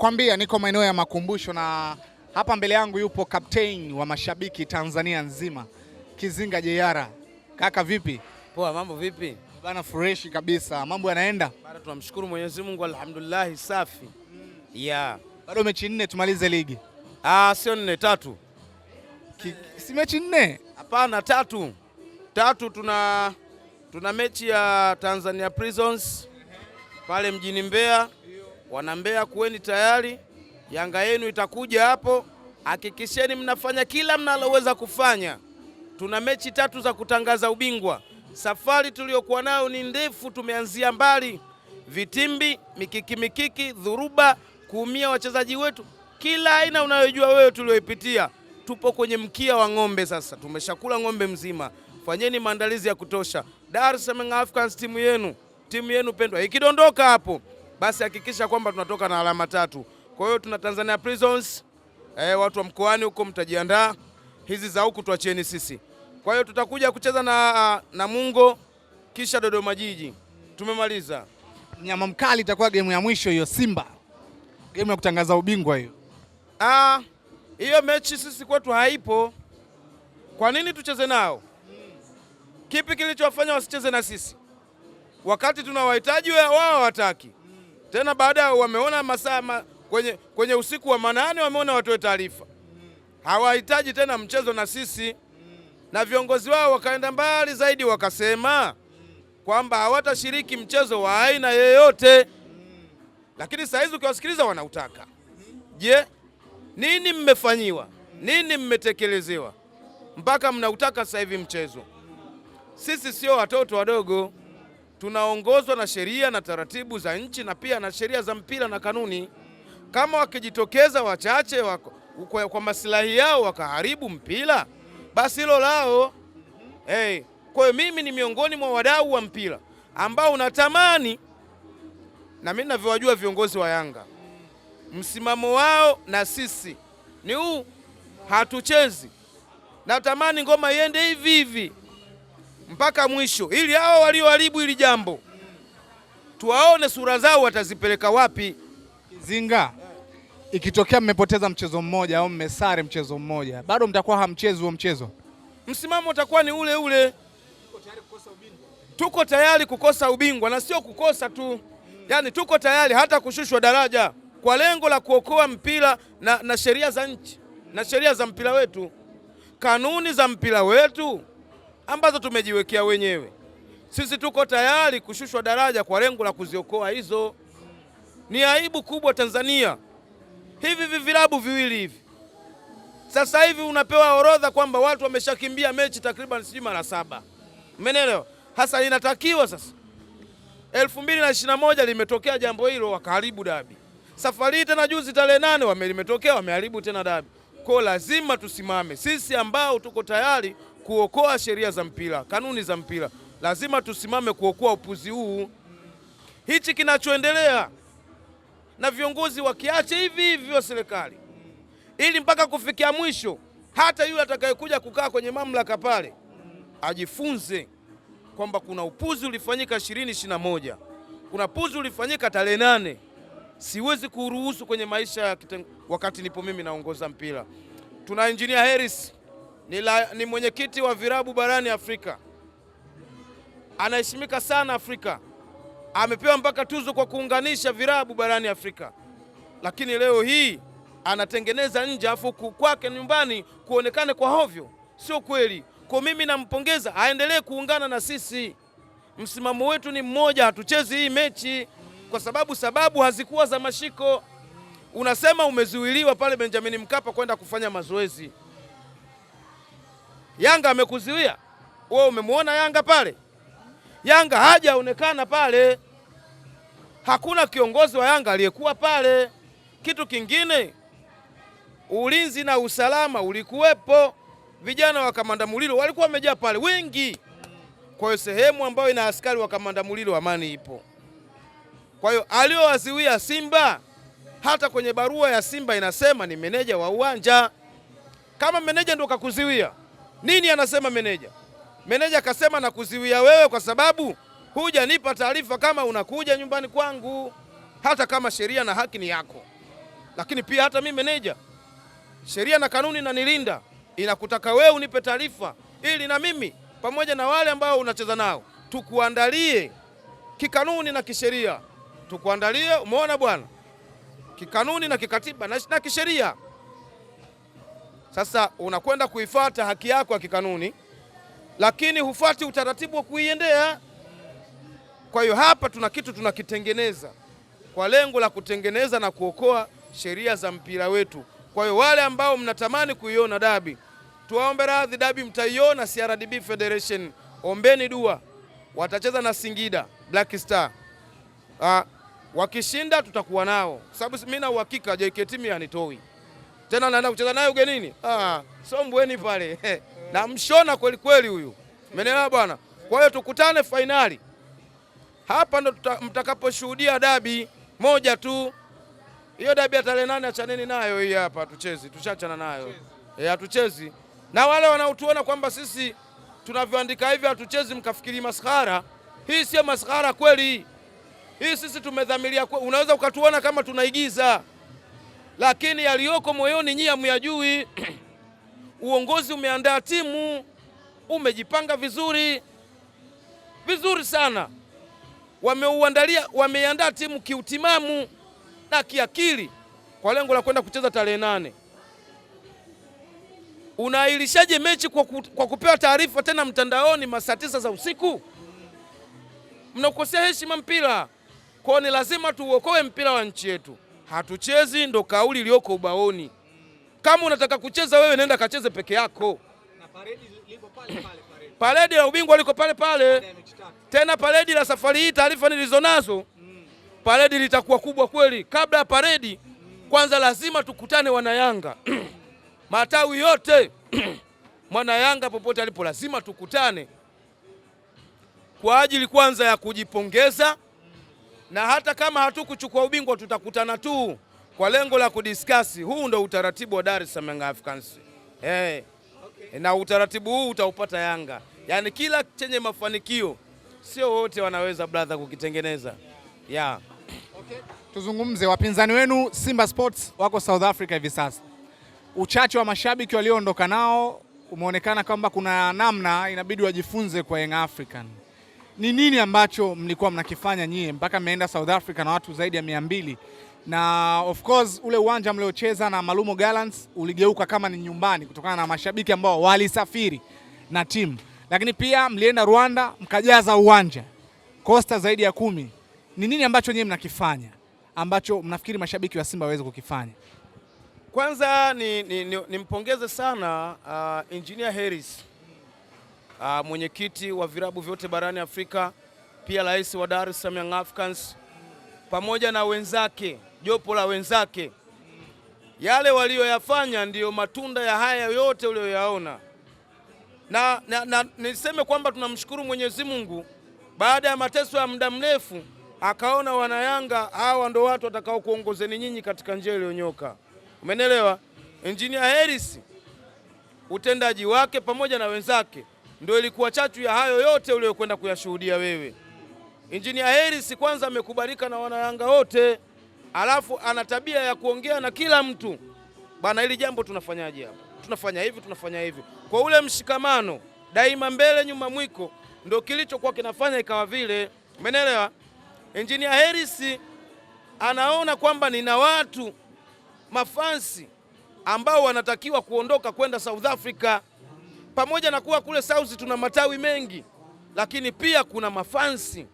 Kwambia niko maeneo ya makumbusho na hapa mbele yangu yupo captain wa mashabiki Tanzania nzima Kizinga Jeyara. Kaka vipi? Poa, mambo vipi? Bana, fresh kabisa, mambo yanaenda bana, tunamshukuru Mwenyezi Mungu, alhamdulillah, safi mm. Yeah. Bado mechi nne tumalize ligi. Ah, sio nne, tatu. Ki, si mechi nne? Hapana, tatu tatu. Tuna, tuna mechi ya Tanzania Prisons pale mjini Mbeya Wanambea, kuweni tayari, Yanga yenu itakuja hapo. Hakikisheni mnafanya kila mnaloweza kufanya. Tuna mechi tatu za kutangaza ubingwa. Safari tuliyokuwa nayo ni ndefu, tumeanzia mbali, vitimbi, mikiki, mikiki, dhuruba, kuumia wachezaji wetu, kila aina unayojua wewe tulioipitia Tupo kwenye mkia wa ng'ombe sasa, tumeshakula ng'ombe mzima. Fanyeni maandalizi ya kutosha. Dar es Salaam Africans, timu yenu, timu yenu pendwa, ikidondoka hapo basi hakikisha kwamba tunatoka na alama tatu. Kwa hiyo tuna Tanzania Prisons eh, watu wa mkoani huko mtajiandaa, hizi za huku tuachieni sisi. Kwa hiyo tutakuja kucheza na ah, Namungo kisha Dodoma Jiji. Tumemaliza mnyama mkali, itakuwa gemu ya mwisho hiyo, Simba, gemu ya kutangaza ubingwa hiyo. Ah, hiyo mechi sisi kwetu haipo. Kwa nini tucheze nao? Kipi kilichowafanya wasicheze na sisi, wakati tunawahitaji wao hawataki? tena baada ya wameona masaa ma, kwenye, kwenye usiku wa manane wameona watoe taarifa, hawahitaji tena mchezo na sisi. Na viongozi wao wakaenda mbali zaidi wakasema kwamba hawatashiriki mchezo wa aina yeyote, lakini saa hizi ukiwasikiliza wanautaka. Je, nini mmefanyiwa? Nini mmetekelezewa mpaka mnautaka sasa hivi mchezo? Sisi sio watoto wadogo tunaongozwa na sheria na taratibu za nchi na pia na sheria za mpira na kanuni. Kama wakijitokeza wachache wako, kwa, kwa masilahi yao wakaharibu mpira basi hilo lao. Hey, kwa hiyo mimi ni miongoni mwa wadau wa mpira ambao unatamani na mimi ninavyowajua viongozi wa Yanga msimamo wao na sisi ni huu, hatuchezi. Natamani ngoma iende hivi hivi mpaka mwisho, ili hao walioharibu hili jambo tuwaone sura zao watazipeleka wapi. Zinga, ikitokea mmepoteza mchezo mmoja au mmesare mchezo mmoja, bado mtakuwa hamchezi huo mchezo, msimamo utakuwa ni ule ule. Tuko tayari kukosa ubingwa na sio kukosa tu, yaani tuko tayari hata kushushwa daraja kwa lengo la kuokoa mpira na, na sheria za nchi na sheria za mpira wetu, kanuni za mpira wetu ambazo tumejiwekea wenyewe. Sisi tuko tayari kushushwa daraja kwa lengo la kuziokoa hizo. Ni aibu kubwa Tanzania, hivi vivilabu viwili hivi sasa hivi unapewa orodha kwamba watu wameshakimbia mechi takriban sijui mara saba, umeelewa? Hasa inatakiwa sasa, elfu mbili na ishirini na moja limetokea jambo hilo, wakaharibu dabi. Safari hii tena juzi tarehe nane wamelimetokea wameharibu tena dabi. Kwa lazima tusimame sisi ambao tuko tayari kuokoa sheria za mpira, kanuni za mpira. Lazima tusimame kuokoa upuzi huu, hichi kinachoendelea, na viongozi wakiache hivi hivyo serikali, ili mpaka kufikia mwisho, hata yule atakayekuja kukaa kwenye mamlaka pale ajifunze kwamba kuna upuzi ulifanyika ishirini ishirini na moja kuna puzi ulifanyika tarehe nane. Siwezi kuruhusu kwenye maisha ya wakati nipo mimi naongoza mpira. Tuna engineer Harris ni, ni mwenyekiti wa virabu barani Afrika, anaheshimika sana Afrika, amepewa mpaka tuzo kwa kuunganisha virabu barani Afrika, lakini leo hii anatengeneza nje afu kwake nyumbani kuonekane kwa hovyo. Sio kweli. Kwa mimi nampongeza, aendelee kuungana na sisi. Msimamo wetu ni mmoja, hatuchezi hii mechi kwa sababu sababu hazikuwa za mashiko. Unasema umezuiliwa pale Benjamin Mkapa kwenda kufanya mazoezi. Yanga amekuzuia wewe? Umemwona Yanga pale? Yanga hajaonekana pale, hakuna kiongozi wa Yanga aliyekuwa pale. Kitu kingine, ulinzi na usalama ulikuwepo, vijana wa Kamanda Mulilo walikuwa wamejaa pale wengi. Kwa hiyo sehemu ambayo ina askari wa Kamanda Mulilo amani ipo. Kwa hiyo aliowaziwia Simba, hata kwenye barua ya Simba inasema ni meneja wa uwanja. Kama meneja ndo kakuziwia nini anasema meneja? Meneja akasema nakuziwia wewe kwa sababu hujanipa taarifa kama unakuja nyumbani kwangu, hata kama sheria na haki ni yako. Lakini pia hata mimi meneja, sheria na kanuni nilinda inakutaka wewe unipe taarifa ili na mimi pamoja na wale ambao unacheza nao tukuandalie kikanuni na kisheria, tukuandalie. Umeona bwana, kikanuni na kikatiba na, na kisheria sasa unakwenda kuifuata haki yako ya kikanuni, lakini hufuati utaratibu wa kuiendea. Kwa hiyo hapa tuna kitu tunakitengeneza kwa lengo la kutengeneza na kuokoa sheria za mpira wetu. Kwa hiyo wale ambao mnatamani kuiona dabi, tuwaombe radhi, dabi mtaiona CRDB Federation, ombeni dua. Watacheza na Singida Black Star. Ah, wakishinda tutakuwa nao, sababu mimi na uhakika JKT mianitoi anitoi tena naenda kucheza naye ugenini. Ah, so mbweni pale namshona kweli kweli huyu, umeelewa bwana. Kwa hiyo tukutane fainali hapa, ndo mtakaposhuhudia dabi moja tu. Hiyo dabi ya tarehe nane achaneni nayo hii hapa, tuchezi tushachana nayo eh, hatuchezi na wale wanaotuona kwamba sisi tunavyoandika hivi hatuchezi, mkafikiri maskhara. Hii sio maskhara kweli, hii sisi tumedhamiria. Unaweza ukatuona kama tunaigiza lakini yaliyoko moyoni nyinyi hamyajui. Uongozi umeandaa timu, umejipanga vizuri vizuri sana, wameuandalia wameiandaa timu kiutimamu na kiakili kwa lengo la kwenda kucheza tarehe nane. Unaahirishaje mechi kwa, ku, kwa kupewa taarifa tena mtandaoni masaa tisa za usiku? Mnaukosea heshima mpira kwao, ni lazima tuuokoe mpira wa nchi yetu hatuchezi, ndo kauli iliyoko ubaoni. Kama unataka kucheza wewe, nenda kacheze peke yako. paredi la ubingwa liko pale pale tena, paredi la safari hii, taarifa nilizonazo mm. paredi litakuwa kubwa kweli. Kabla ya paredi mm. kwanza lazima tukutane wanayanga matawi yote mwana Yanga popote alipo lazima tukutane kwa ajili kwanza ya kujipongeza na hata kama hatukuchukua ubingwa tutakutana tu kwa lengo la kudiskasi. Huu ndo utaratibu wa Dar es Salaam Africans. Hey. Eh, okay. Na utaratibu huu utaupata Yanga, yaani kila chenye mafanikio sio wote wanaweza brother kukitengeneza yeah. Okay. Tuzungumze wapinzani wenu Simba Sports wako South Africa hivi sasa, uchache wa mashabiki walioondoka nao umeonekana kwamba kuna namna inabidi wajifunze kwa Young African ni nini ambacho mlikuwa mnakifanya nyie mpaka mmeenda South Africa na watu zaidi ya mia mbili na of course ule uwanja mliocheza na Malumo Gallants uligeuka kama ni nyumbani kutokana na mashabiki ambao walisafiri na timu, lakini pia mlienda Rwanda mkajaza uwanja kosta zaidi ya kumi. Ni nini ambacho nyie mnakifanya ambacho mnafikiri mashabiki wa Simba waweze kukifanya? Kwanza nimpongeze ni, ni, ni sana uh, Engineer Harris uh, mwenyekiti wa virabu vyote barani Afrika, pia rais wa Dar es Salaam Young Africans pamoja na wenzake, jopo la wenzake. Yale walioyafanya ndiyo matunda ya haya yote uliyoyaona, na, na, na niseme kwamba tunamshukuru Mwenyezi Mungu, baada ya mateso ya muda mrefu akaona wanayanga hawa ndo watu watakao kuongozeni nyinyi katika njia iliyonyoka. Umenelewa? Engineer Harris utendaji wake pamoja na wenzake ndio ilikuwa chachu ya hayo yote uliyokwenda kuyashuhudia wewe. Injinia Hersi kwanza amekubalika na wanayanga wote, alafu ana tabia ya kuongea na kila mtu, bana hili jambo tunafanyaje hapa, tunafanya hivi, tunafanya hivi, kwa ule mshikamano daima, mbele nyuma mwiko, ndio kilichokuwa kinafanya ikawa vile. Umeelewa? Injinia Hersi anaona kwamba nina watu mafansi ambao wanatakiwa kuondoka kwenda South Africa pamoja na kuwa kule South tuna matawi mengi, lakini pia kuna mafansi,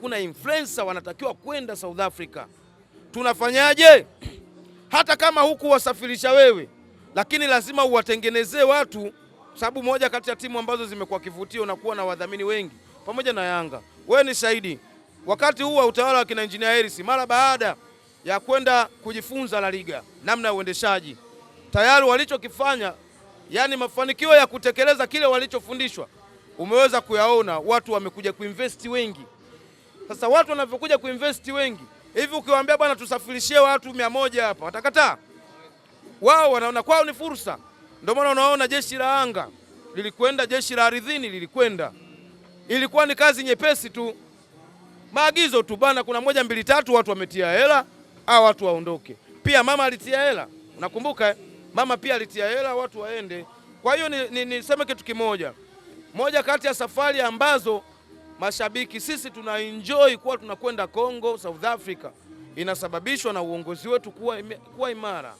kuna influencer wanatakiwa kwenda South Africa. Tunafanyaje? hata kama huku wasafirisha wewe, lakini lazima uwatengenezee watu, sababu moja kati ya timu ambazo zimekuwa kivutio na kuwa na wadhamini wengi pamoja na Yanga, wewe ni shahidi, wakati huu wa utawala wa kina Engineer Harris, mara baada ya kwenda kujifunza La Liga namna ya uendeshaji, tayari walichokifanya yaani mafanikio ya kutekeleza kile walichofundishwa umeweza kuyaona, watu wamekuja kuinvesti wengi. Sasa watu wanavyokuja kuinvesti wengi hivi, ukiwaambia bwana, tusafirishie watu mia moja hapa, watakataa. Wao wanaona kwao ni fursa. Ndio maana unaona jeshi la anga lilikwenda, jeshi la ardhini lilikwenda. Ilikuwa ni kazi nyepesi tu, maagizo tu bana, kuna moja mbili tatu, watu wametia hela, au watu waondoke. Pia mama alitia hela, unakumbuka eh? mama pia alitia hela watu waende. Kwa hiyo niseme ni, ni kitu kimoja, moja kati ya safari ambazo mashabiki sisi tuna enjoy kuwa tunakwenda Kongo, South Africa inasababishwa na uongozi wetu kuwa, kuwa imara,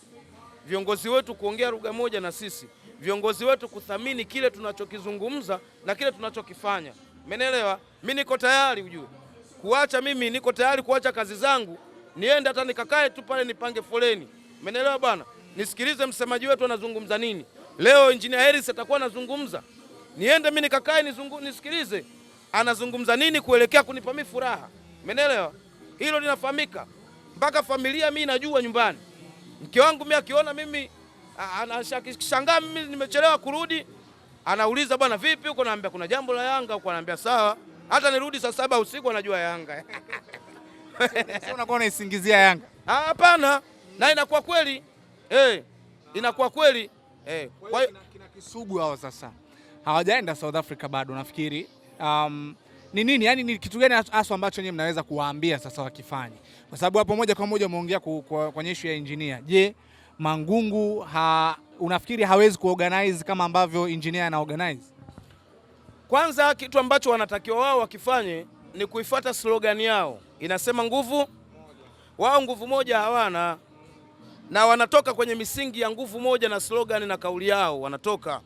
viongozi wetu kuongea lugha moja na sisi, viongozi wetu kuthamini kile tunachokizungumza na kile tunachokifanya. Menelewa, mi niko tayari ujue kuacha, mimi niko tayari kuacha kazi zangu niende hata nikakae tu pale nipange foleni. Menelewa bwana nisikilize msemaji wetu anazungumza nini. Leo Engineer Harris atakuwa anazungumza, niende mimi nikakae nisikilize anazungumza nini kuelekea kunipa mimi furaha. Umeelewa? Hilo linafahamika mpaka familia, mimi najua nyumbani. Mke wangu mimi akiona mimi anashangaa mimi nimechelewa kurudi, anauliza bwana, vipi huko? Naambia kuna jambo la Yanga huko, anaambia sawa. Hata nirudi saa saba usiku anajua Yanga. Sio unakuwa unaisingizia Yanga? Hapana, na inakuwa kweli hey, eh, inakuwa kweli hey. Eh, kwa hiyo kina Kisugu hao sasa hawajaenda South Africa bado nafikiri um, ni nini yani, ni kitu gani hasa ambacho nyinyi mnaweza kuwaambia sasa wakifanye, kwa sababu hapo moja kwa moja umeongea kwenye issue ya engineer. Je, Mangungu ha, unafikiri hawezi kuorganize kama ambavyo engineer ana organize? Kwanza kitu ambacho wanatakiwa wao wakifanye ni kuifuata slogan yao, inasema nguvu wao, nguvu moja hawana na wanatoka kwenye misingi ya nguvu moja na slogan na kauli yao wanatoka.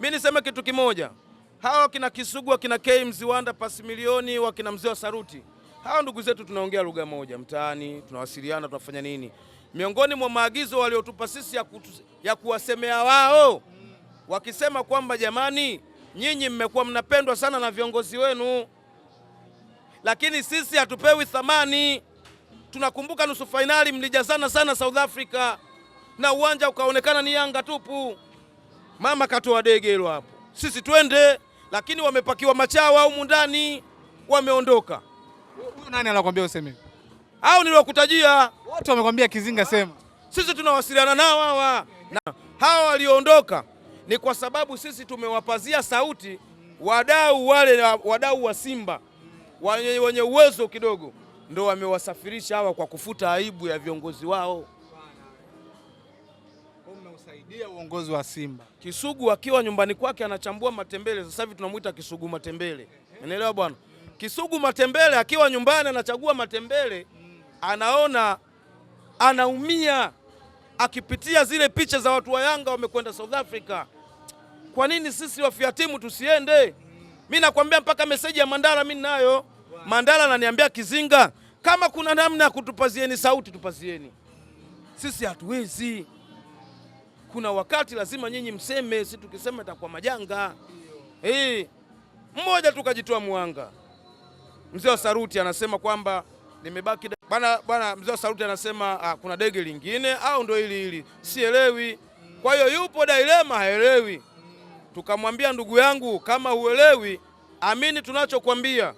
Mi niseme kitu kimoja, hawa kina Kisugu wakina K Mziwanda pasi milioni wakina mzee wa Saruti, hawa ndugu zetu tunaongea lugha moja mtaani, tunawasiliana, tunafanya nini. Miongoni mwa maagizo waliotupa sisi ya, ya kuwasemea wao wakisema kwamba jamani, nyinyi mmekuwa mnapendwa sana na viongozi wenu, lakini sisi hatupewi thamani Tunakumbuka nusu fainali mlijazana sana South Africa na uwanja ukaonekana ni Yanga tupu. Mama katoa dege hilo hapo, sisi twende, lakini wamepakiwa machawa humu ndani, wameondoka. Huyu nani anakuambia useme? Au niliokutajia wote wamekwambia kizinga sema. Sisi tunawasiliana nao hawa na hawa walioondoka ni kwa sababu sisi tumewapazia sauti wadau wale, wadau wa Simba wenye uwezo kidogo ndo wamewasafirisha hawa kwa kufuta aibu ya viongozi wao. Mnausaidia uongozi wa Simba. Kisugu akiwa nyumbani kwake anachambua matembele, sasa hivi tunamuita Kisugu matembele, unaelewa bwana? Kisugu matembele akiwa nyumbani anachagua matembele, anaona anaumia akipitia zile picha za watu wa Yanga wamekwenda South Africa. Kwa nini sisi wafia timu tusiende? Mi nakwambia mpaka meseji ya Mandala mi ninayo. Mandala ananiambia Kizinga, kama kuna namna ya kutupazieni sauti, tupazieni. Sisi hatuwezi. Kuna wakati lazima nyinyi mseme, si tukisema itakuwa majanga. Hey, eh, mmoja tukajitoa mwanga. Mzee wa Saruti anasema kwamba nimebaki bana, bana. Mzee wa Saruti anasema ah, kuna dege lingine au ndo hili hili, sielewi. Kwa hiyo yupo dilema, haelewi. Tukamwambia ndugu yangu, kama huelewi, amini tunachokwambia,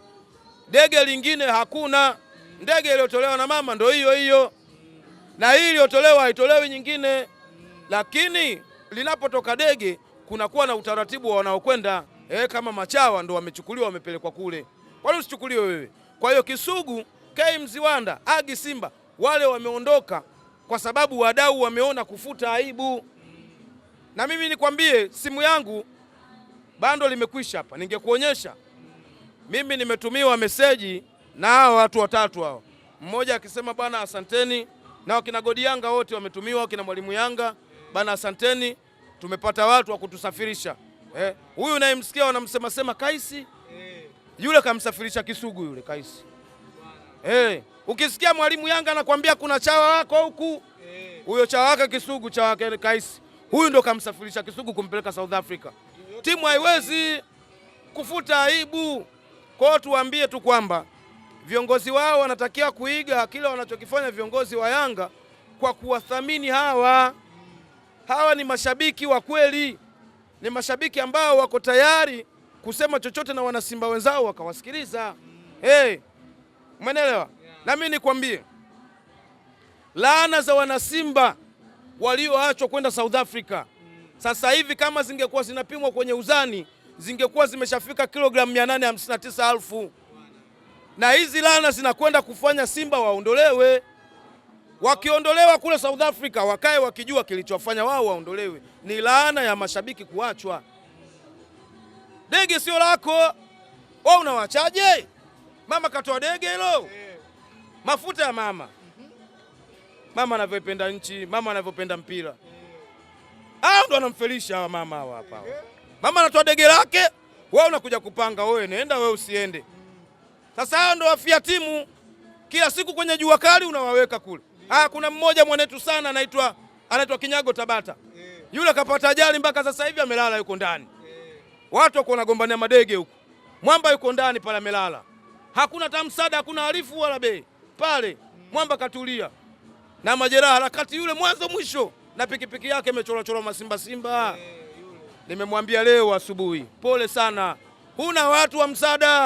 dege lingine hakuna. Ndege iliyotolewa na mama ndo hiyo hiyo, na hii iliyotolewa haitolewi nyingine. Lakini linapotoka dege kunakuwa na utaratibu wa wanaokwenda eh, kama machawa ndo wamechukuliwa wamepelekwa kule. Kwani usichukuliwe wewe? Kwa hiyo Kisugu, K Mziwanda, Agi Simba wale wameondoka kwa sababu wadau wameona kufuta aibu. Na mimi nikwambie, simu yangu bando limekwisha hapa, ningekuonyesha mimi nimetumiwa meseji na hao watu watatu hao, mmoja akisema bwana asanteni, na wakina Godi Yanga wote wametumiwa, wakina Mwalimu Yanga bana asanteni, tumepata watu wa kutusafirisha. Eh, huyu eh, wanamsema sema Kaisi, yule kamsafirisha Kisugu yule Kaisi. Eh, ukisikia Mwalimu Yanga anakwambia kuna chawa wako huku, huyo chawa wake Kisugu, chawa wake Kaisi, huyu ndo kamsafirisha Kisugu kumpeleka South Africa. Timu haiwezi kufuta aibu. kwao Tuambie tu kwamba viongozi wao wanatakiwa kuiga kile wanachokifanya viongozi wa Yanga kwa kuwathamini hawa. Hawa ni mashabiki wa kweli, ni mashabiki ambao wako tayari kusema chochote na wanasimba wenzao wakawasikiliza. Hey, umeelewa? Na mimi nikwambie, laana za wanasimba walioachwa kwenda South Africa sasa hivi kama zingekuwa zinapimwa kwenye uzani zingekuwa zimeshafika kilogramu 859,000 na hizi laana zinakwenda kufanya Simba waondolewe. Wakiondolewa kule South Africa, wakae wakijua kilichofanya wao waondolewe ni laana ya mashabiki kuachwa. Dege sio lako, wewe unawachaje? Mama katoa dege hilo, mafuta ya mama, mama anavyopenda nchi, mama anavyopenda mpira. Ah, ndo anamfelisha mama hawa hapa. Mama anatoa dege lake, wewe unakuja kupanga, wewe nenda, wewe usiende. Sasa hao ndo wafia timu, kila siku kwenye jua kali unawaweka kule. Ah, kuna mmoja mwanetu sana anaitwa anaitwa Kinyago Tabata, eh. yule kapata ajali mpaka sasa hivi amelala, yuko ndani. Eh. Watu wako wanagombania madege huko, mwamba yuko ndani pale amelala, hakuna hata msaada, hakuna harifu wala bei pale. Mm. Mwamba katulia na majeraha harakati yule mwanzo mwisho, na pikipiki yake imechora masimba simba. Eh, Nimemwambia leo asubuhi, pole sana, huna watu wa msaada.